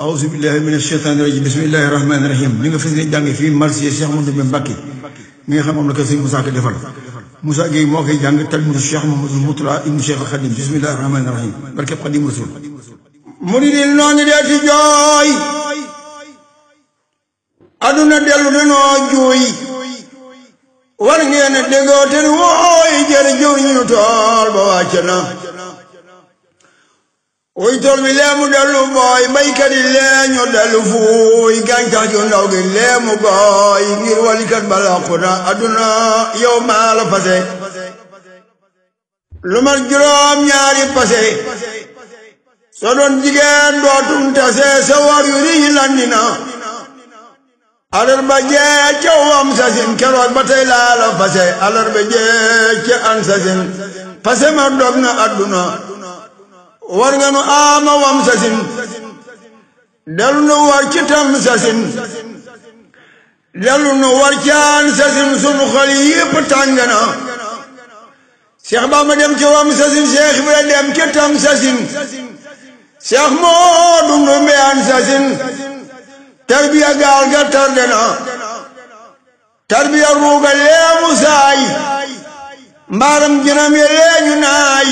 awuzu billahi mina sheytaani rajim bismillahi rahmaani rahim li nga fas yéene jàng fii marsiya Cheikh Mouhamadou Mbacke Mbacke mi nga xam moom la ko sëñ Moussa Ka defal Moussa Gueye moo koy jàng talmiidu Cheikh Mouhamadou Moutala ibnu Cheikh Khadim bismillahi rahmaani rahim barkeb Khadim Rasul mu di dil noonu dee ci jooy aduna dellu danoo juuy war ngeen déggoo te wooy jërëjëf ñu tool ba wàcc na wuy tool bi leemu dellu booy baykat yi lee ñu dellu fuuy gàncax ju ndaw gi leemu booy ngir walikat balaaku na adduna yow maa la fase lu mat juróom ñaari pase soo doon jigéen dootum tase sa war yu riñ landi na jee ca wam sasin keroog ba laa la fase alar ba jee ca an sasin fase ma dog na adduna war nga nu aama wam sasin del nu war tam sasin del nu war caan sasin sunu xol yépp Seex Bamba dem ci wam sasin Seex Ibra dem ci tam sasin Seex Moodu Ndumbeyaan sasin tarbiya gaal ga tarde na tarbiya ruuga leemu saay mbaaram ginam ye leeñu naay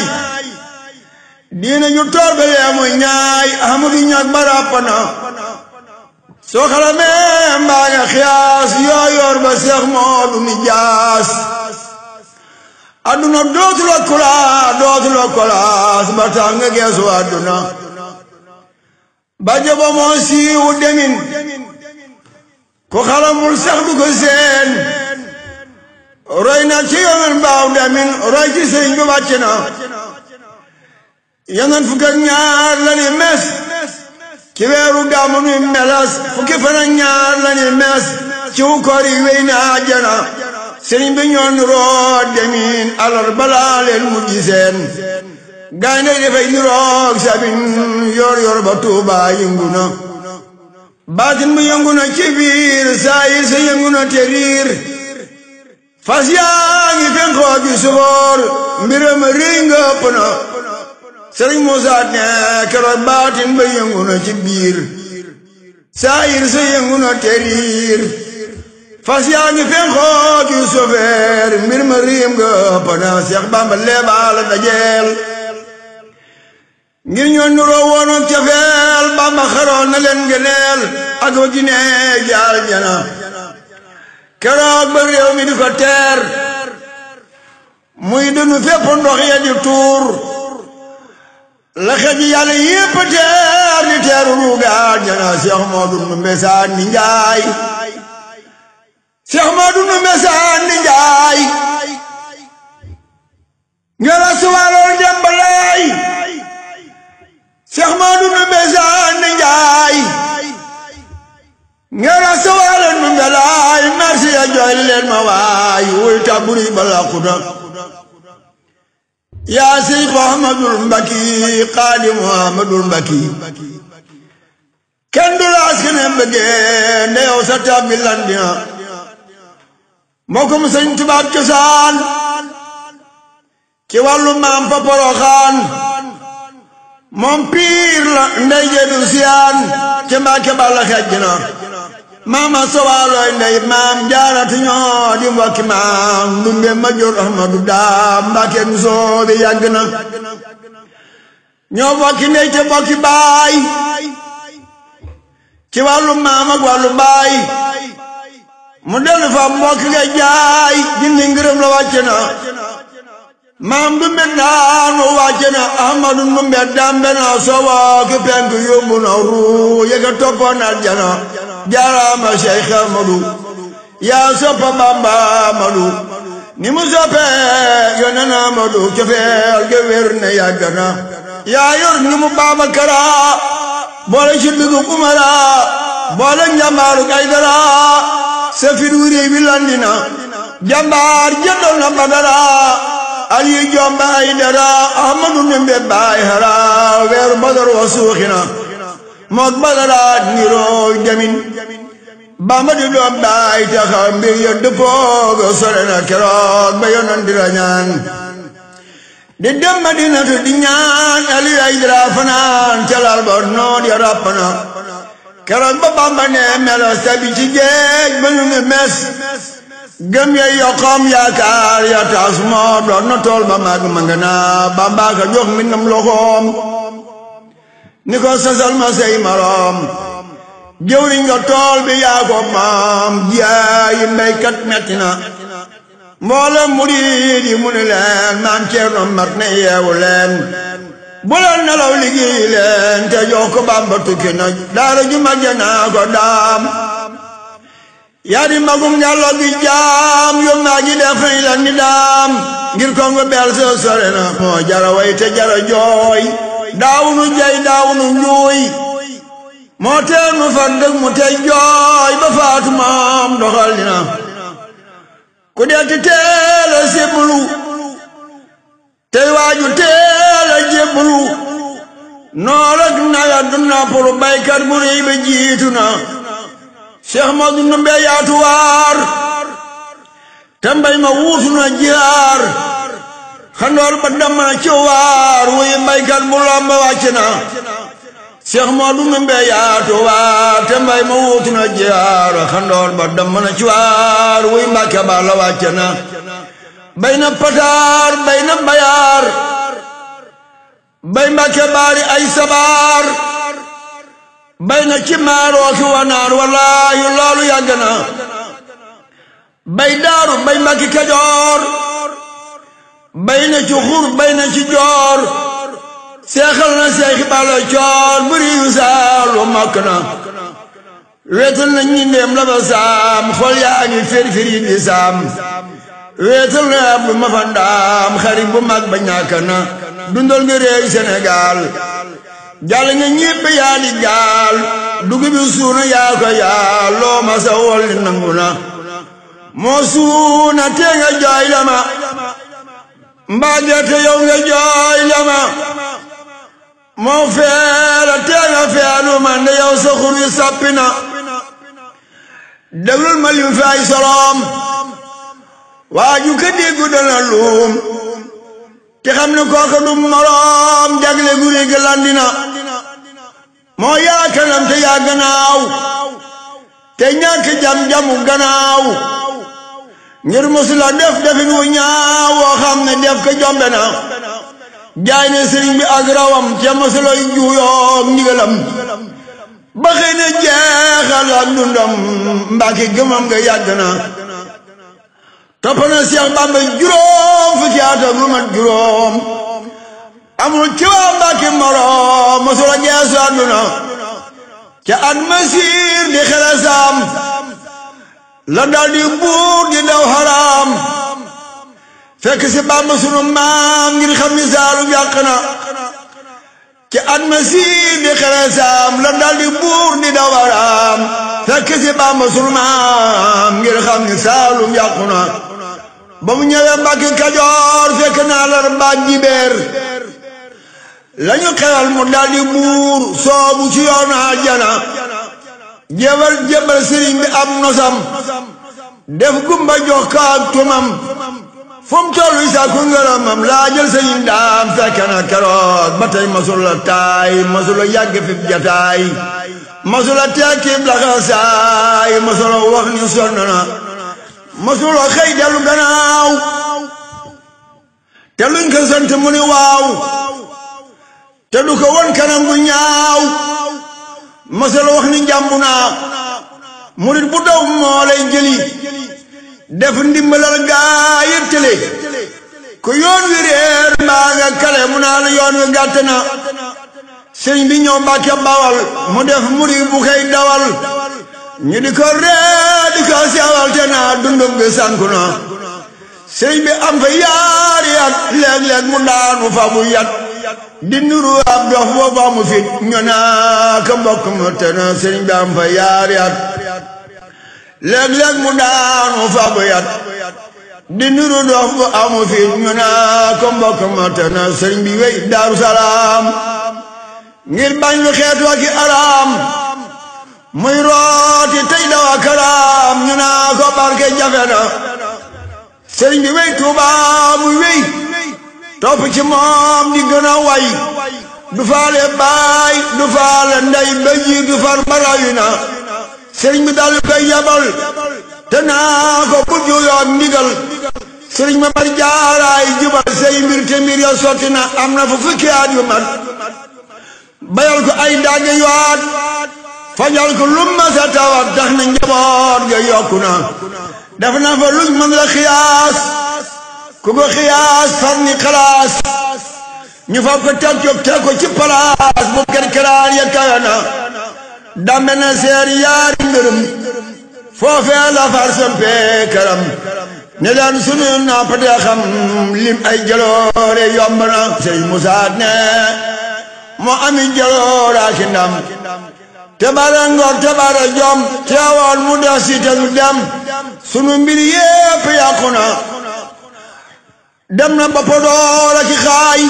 diina ju toor be leemu ñaay ahmadu ñag ba ràppana soo xalamee mbaa nga xiyaas ba seex moodu ni jaas adduna dootu kulaas dootu kulaas ba tax nga geesu adduna ba jaba moo siiwu demin ku xalamul sax du ko seen roy na ci yomen baaw demin roy ci sëriñ bi wàcc na yeneen fukk ak ñaar la ni mes weeru gàmmu nuy melas fukki ñaar la ni mes ci wu koor yi na àjjana sëriñ bi ñoon roo demin alar balaa mu giseen gaynde dafay niroog yor yor ba tuuba yëngu baatin bu yëngu na ci biir saayir sa yëngu fas yaa ngi fenkoo gi sufoor mbiram sëriñ Moussa ne keroog baatin ba yëngu ci biir saayir sa yëngu na fas yaa ngi fenkoo ki sofeer mbir ma riim nga ëpp na Seex Bamba dajeel ngir ñoo nuroo woonoon cafeel Bamba xaroon na leen ak wa ginee jaar jana keroog ba réew mi di ko teer muy dunu fépp ndox ya di tuur la xew yi yàlla teer ni teeru ruugaan ñana Seex Moodu Ndumbe Saani Njaay Seex Njaay ngela suwaaloon demba laay Seex Moodu Njaay ngela suwaaloon dumbe laay merci ya jooy ma waay wuy taburi bala yaa Seydi Muhammadul Mbakki Xaadi Muhammadul Mbakki kenn du laas ke ne mbëggee nde yow sa taab bi lan moo ko mu tubaab cosaan ci wàllu maam fa moom piir la ndey jeedu siyaan ca Mbàkke balla xejj maama sowaalooy ndey maam jaarati ñoo di mbokki maam ndumbe ma jur ahmadu daam mbàkke mu soobe yàgg ñoo bokki ndey te baay ci wàllu maam ak wàllu baay mu dellu fa mbokk nga jaay jinni la wàcce maam ndumbe ndaan mu ahmadu ndumbe dambe na sowa ki penk yóbbu na ruu yëga toppoon jaaraama Cheikh yaa soppa Bamba Ahmadou ni mu soppee yónnee na Ahmadou cofeel ga na yàgg na yaa yor ni mu Baabakara boole ci bigu boole njambaaru Aydara safir wu réew bi landi na jàmbaar jëndoon na Badara Aliyu jomba Aydara Ahmadou ne mbé baay weeru Badar wa suuxi mook badaraat nirooy demin bamba di doom daay taxaw mbir ya dëppooga sore na ba yonon di la di dem madinatu di ñaan aliyu ay dara fanaan ca lal ba noon ya ràppana keroog ba bamba ne melos tabi ci géej ba ñu mes gëm ya yokkoom yaakaar ya taas moo doon na tool ba mag ma nga naa bamba ka jox mi nam ni ko sosal ma say moroom jëwriñ nga tool bi yaa ko maam jaayi mbéykat metti na mboolem murid yi mu ni leen maam Ceerno mat na yeewu leen bu leen nelaw liggéey leen te jox ko Bàmba tukki na daara ju naa ko daam yaa di magum yàlla gi jaam yóm naa ji def la ni daam ngir kongo bel soo na moo jara way te jara jooy daaw nu jay daaw nu njuuy moo tee nu fagg tey jooy ba faatu maam doxal dina ku deeti teela séblu tey waaju teela jéblu noor ak naga du nappalu baykat bu réy ba jiitu na cheikh madu nu mbee yaatu waar tambay ma wuutu na jihaar xandoor ba damma ci waar wuyu mbaykat bu lomb wàcc na Cheikh Modou Ndoumbé yaatu waar te ma wuutu na jaar xandoor ba damm ci waar wuyu Mbàkke ba la wàcc na bay na pataar bay na bayaar bay Mbàkke baari ay sabaar bay na ci maarooki wanaar wallaayu loolu yàgg na bay daaru bay Mbàkke Kajoor bay na ci bay na ci joor seexal na seexi balo coor buriyu saalu màkk na weetal na ñi ndéem la ba saam xol yaa ngi firfir di saam weetal na ab lu mafandaam xarit bu mag ba ñàkk na dundal nga réew Sénégal jàll nga ñépp yaa di gaal dugub suuna yaa ko yaal loo ma wol li nangu na moo suuna tee nga jooy ma mbaa deete yow nga jooy lama moo feera tee nga feenu ma nde yow sa xur na déglul ma lim fi ay waaju ka déggu dana luum te xam ne kooka du moroom jagle gu réeg landina moo yaa kanam te yaa gannaaw te ñàkk jam-jamu gannaaw ngir musula def defin wu ñaaw woo ne def ko jombe na jaay ne sëriñ bi ak rawam te musulay juuyoog ndigalam ba jeexal ak dundam mbàkki gëmam nga yàgg na topp na Seex Bàmba juróom fukki juróom amul ci waa mbàkki moroom musula geesu àdduna ca at masir di xelasaam la dal di buur di daw xaraam fekk si bàmb sunu maam ngir xam ni saalum yàq na ci at ma di xeresaam la dal di di daw xaraam fekk si bàmb sunu maam ngir xam ni saalum yàqu na ba mu ñëwee Mbàkke Kajoor fekk naa lar baaj jibeer lañu xewal mu dal di soobu ci yoonu àjjana jabal jabal sëriñ bi am nosam def gumba jox ka tumam fu mu toll yi sàkku ngërëmam laa jël sëriñ daam fekk na keroog ba tey masula taay masula yàgg fi jataay masula tekkim laxasaay masula wax ni sonn na masula xëy dellu gannaaw te luñ ko sant mu waaw te du ko won ñaaw masal wax ni njàmb naa murit bu daw moo lay jëli def ndimbalal gaa yëpp tële ko yoon wi réer mbaa nga kale mu naa la yoon wi gàtt na sëriñ bi ñoo Mbàkke bawal mu def murit bu koy dawal ñu di ko ree di ko sewal te naa dundum gi sànku na sëriñ bi am fa yaari at léeg-léeg mu daanu fa bu yat di nuru ab dox boobu amu fit ñu naa ka sëriñ bi am fa yaari at léeg-léeg mu daanu fa bu yat di nuru dox bu amu fit ñu naa ka sëriñ bi wéy daaru ngir bañ lu xeet wa ki araam muy rooti tey dawa karaam ñu naa ko barke jafe na sëriñ bi wéy Tuubaa muy wéy topp ci moom di gën a way du faale baay du faale ndey béji du far barayu na sëriñ bi daal koy yabal te ko bu juyoon ndigal sëriñ ma mar jaaraay jubal say mbir te ya sotti na am na fu fukki at yu mag bayal ko ay dagg yu at fajal ko lu masa tawat tax na njaboot ga yokku na def na fa luñ mën la xiyaas ku ko xiyaas fànni xalaas ñu fab ko teg jóg teg ci palaas bu kerkeraan ya kawe na dambe na seer yaari ngërëm foofee la far sampee ne daan sunu nappatee xam lim ay jaloore yomb na sey musaat ne moo ami jalooraa ki te bare ngor te bare jom teewoon mu des si dem sunu mbir yépp yàqu na dem na ba Podor ak i xaay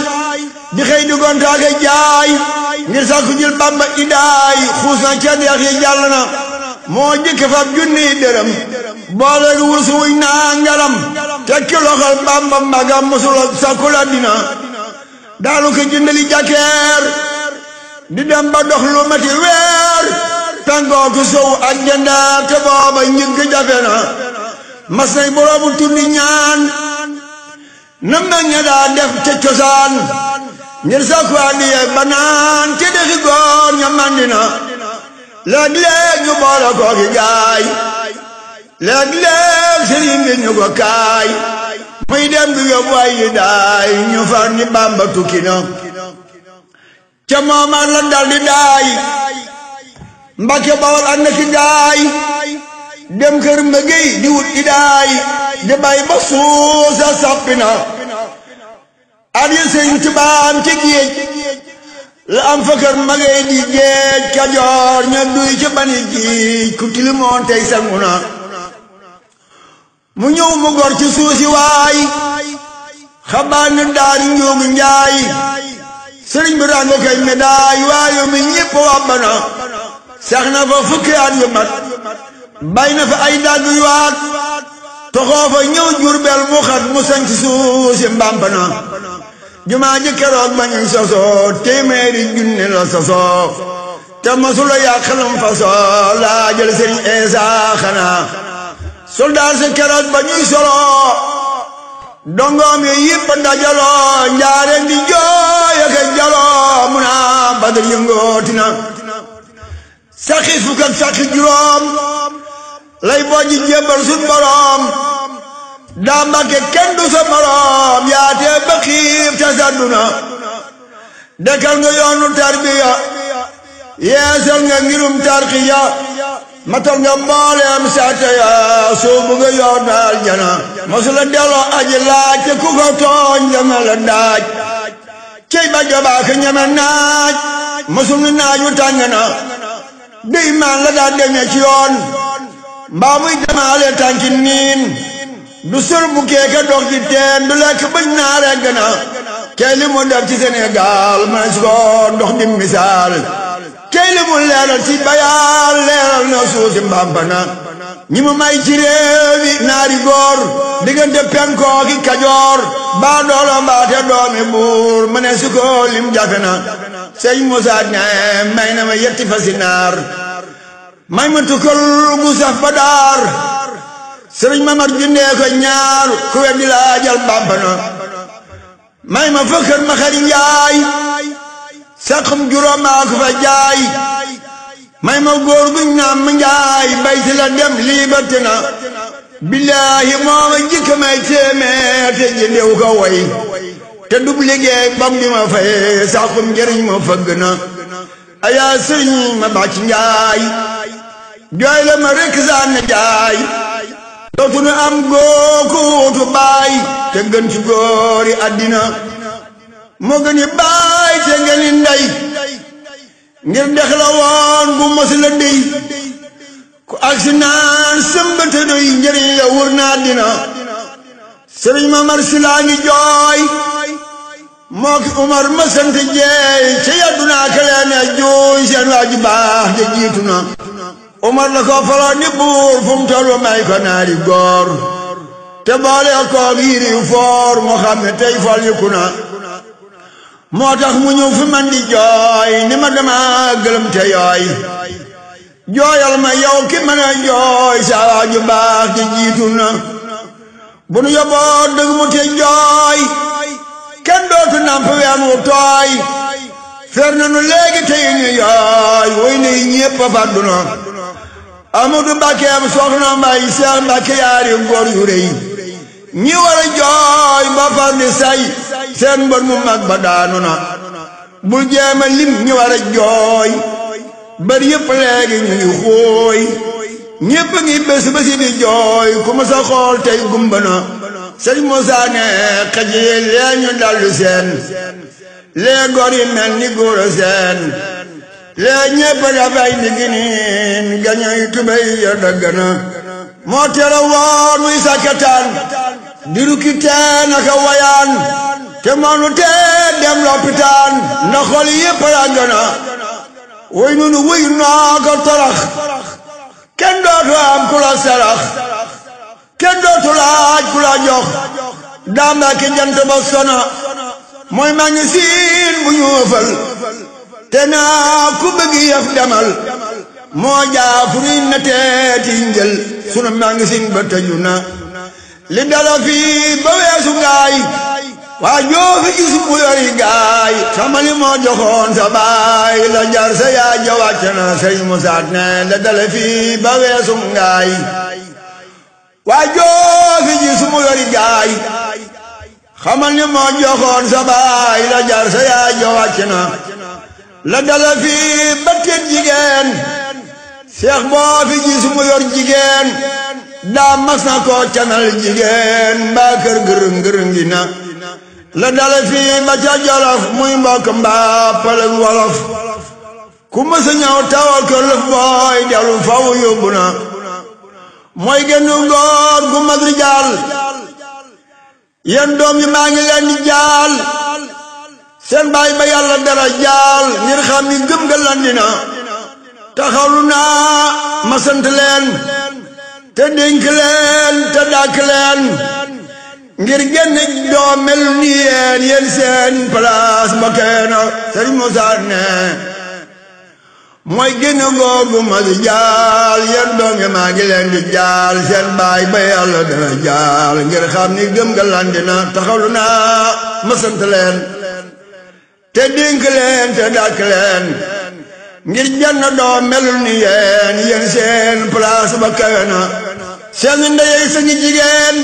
di xëy di gonta ak jaay ngir sàkku jël Bàmba i daay xuus na ca deex yi jàll na moo jëkk fab junni dërëm boole gi wursu wuy naa ngalam tekki loxal Bàmba mbagam musula sàkku la dina daanu ko jëndali jàkkeer di dem ba dox lu mati weer tàngoo sow ak jandaar te booba njëgg jafe na mas nay boroomu turni ñaan na mag ña daa def ca cosaan ngir sakku addiya e ba naan ci dexi góor ña mandi na léeg-léeg ñu boole koo gi gaay léeg-léeg sëriñ bi ñu ko kaay muy dem du yóbbu ay yi daay ñu far ni Bàmba tukki na ca mooma la di daay Mbàkke Bawol ànd ki gaay dem kër mbëggéy di wut di daay di bay ba suusa sàppi na at yi sëñ ci géej la am fa kër mbëggéy di géej kajoor ña duy ci bani géej ku tilimoon tey sangu na mu ñëw mu gor ci suusi waay xabaar na daari njóogu njaay sëriñ bi ràng kay médaay waayo mi ñëpp wàbba na sax na fa fukki at mat bay na fa ay dagg yuwaat toxoo fa ñëw jurbel mu xat mu sanc suuf si mbampana jumaa ji keroog ba ñuy sosoo junne la sosoo te masula yàqalam fa soo laa jël sëriñ Eesa xanaa soldaar si keroog ba ñuy soloo dongoom yi yëpp ndajaloo njaareen di jooy ak jaloo mu naa badal yëngootina saxi fukk ak saxi juróom lay bojji jébbal sun boroom daa mbàkke kenn du boroom yaatee ba xiif te sadduna nga yoonu tarbiya yeesal nga ngirum tarxiya matal nga mbooleem saate ya suubu nga yoon aljana mosula delloo aji laaj ku ko tooñ nga la daaj cey ba jobaaka ñeme naaj mosul nga naaju tàng na dey maan la daa demee ci yoon mbaa muy jamaale tànki niin du sur bu keeke dox di teen du lekk bëj naare gëna key li mu def ci Sénégal mën si ko dox di misaal key li mu leeral ci bayaal leeral na suuf si mbampana ñi mu may ci réew naari góor diggante kajoor baa doolo mbaate doomi buur mu ne si ko lim jafe na sëñ Moussa ne may na ma yetti fa si naar may ma tukkal bu saf ba daar sëriñ mamar jundee ko ñaar ku wet di laajal bàmpana may ma fëkkër ma njaay saqum juróom maa fa jaay may ma góor guñ naam ma njaay bay si la na billaahi mooma jikka may téeméer te jëndew ko way te dub liggéey bam ma faye saqum njëriñ ma fëgg na ayaa sëriñ ma bàcc njaay jooy la ma rek saan na jaay dootunu am gookuutu baay te gën ci góori àddina moo gën i baay te gën i ndey ngir dex la woon bu mos la dey ku agsi naan sëmbata doy njëriñ la wur na àddina sëriñ Mamar Si laa ngi jooy moo ki Umar ma sant jeey ca yàddu naa ka leen a jooy seen waa ji baax ja jiitu na Umar la ko faloon ni buur fu mu tollu may ko naari góor te boole koog yiriw foor mu xam ne tey fal yëkku na moo tax mu ñëw fi man di jooy ni ma dama gëlëm te yooy jooyal ma yow ki jooy saa baax di jiitu na bu nu yóbboo dëgg mu te jooy kenn dootu namp ween wu tooy fer nanu léegi tey ñu yooy woy ne ñépp a fàddu na Amadou Mbacke am soxna Mbay Seex Mbacke yaari góor yu ñi war a jooy ba say seen mbër mu mag ba daanu na bul jeema lim ñi war jooy bër yëpp léegi ñu ngi xooy ñépp ngi di jooy ku ma sa xool tey gumba na sëñ Moussa ne xëj seen lee gor yi mel ni seen léegi ñépp dafay diginin gañoy tubéy ya dagg na moo tere woon muy sakkataan di rukki teen aka wayaan te mënu tee dem lopitaan ndax xol yépp ràgg na woy nunu wuy noo ko torax kenn dootu am ku la sarax kenn dootu laaj ku la jox daam ba ki jant ba sona mooy ma ngi siin bu ñu ëfal te naa ku bëgg yëf demal moo jaafuruy na teeti njël sunu magasin ba tëju na li dala fii ba weesu ngaay waa joofi gis mu yori gaay xamali moo joxoon sa la jar sa ja wàcc na sëñ musaat ne dala fii ba weesu ngaay waa joofi gis mu yori gaay xamal moo joxoon sa la jar sa ja wàcc la dala fii ba tet jigéen seex boo fi gis mu yor jigéen daa mas na canal jigéen mbaa kër gërëm gërëm gi na la dala fii ba ca jolof muy mbokk mbaa pëlëg wolof ku mësa ñëw tawal ko lëf booy dellu faw yóbbu na mooy gënnu góor gu mag rijaal doom yi maa ngi leen seen baay ba yàlla dara jaal ngir xam ni gëm nga landina taxawlu naa ma sant leen te dénk ngir génn doo mel ni yéen yéen seen place ba keena Sëriñ Musaa ne mooy génn googu ma di jaal yéen doonge maa ngi di jaal seen baay ba yàlla dara jaal ngir xam ni gëm nga landina taxawlu naa ma te dénk leen te dàkk ngir jenn doo melul ni yéen yéen seen ba kawe na seen ndeyey sañu jigéen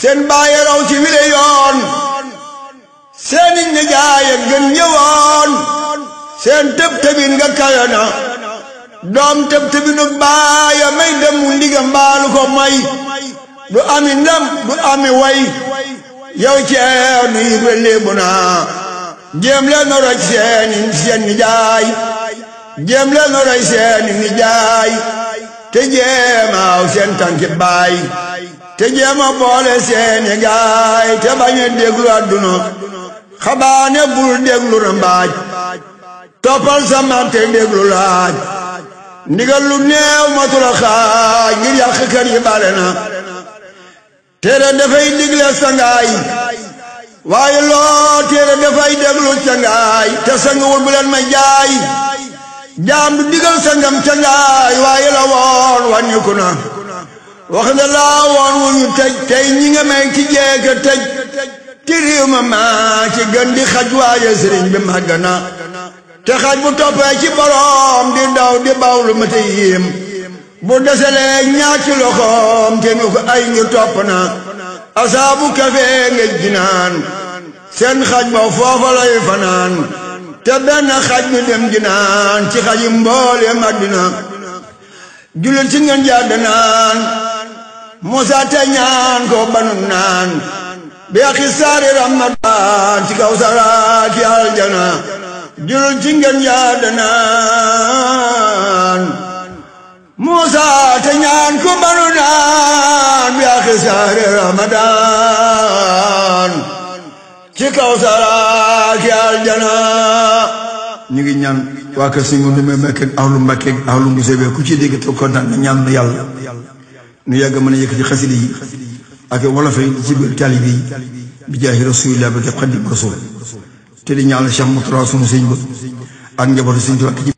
seen baaye raw ci wile yoon seeni nijaay ak gën ñëwoon seen tëb tëbin nga kawe na doom tëb tëbinu baaya may dem mu ndigam mbaalu ko may du ami ndam du ami way yow ceer nu yit welleebu naa jéem leen ma seeni seen nijaay jéem leen ma seeni nijaay te jéemaaw seen tànki baay te jéema boole seeni gaay te bañ a déglu àdduna xabaane bul déglu rambaaj toppal sa man te laaj ndigal lu neew matul a xaaj ngir yàq yi bare na téere dafay digle sangaay waaye loo téere dafay déglu sangaay te sanguwul bu leen ma jaay jaam du digal sangam sangaay waaye la woon wàññiku na wax nga laa woon wu ñu tëj tey ñi nga may ci jeeka tëj ci réew ma maa ci gën di xaj waaye sëriñ bi màgg te xaj bu toppee ci boroom di daw di baw ma te bu deselee ñaar ci loxoom te ñu ko ay topp na asaabu kafe ngej ginaan seen xaj ba fanaan te benn xaj bi dem ginaan ci xaji mboole Madina jullit ci ngeen jàdd naan Musa te ñaan ko banum naan bi axi saari ramadaan ci kaw saraa ki aljana jullit ci ngeen jàdd naan Moussa te ñaan ku banu naan yaa xisaare Ramadan ci kaw saraak aljana ñu ngi ñaan waa kër si ngu dumee ahlu mbakkeeg ahlu mbusebe ku ci dégg te kontaan na ñaan nu yàlla nu yàgg mën a yëkk ci xasida yi ak wolof yi ci biir taalibe yi bi jaahi rasulillah bi def xadim rasul te di ñaan Cheikh Moutara sunu sëñ ba ak njabootu sëñ Tuubaa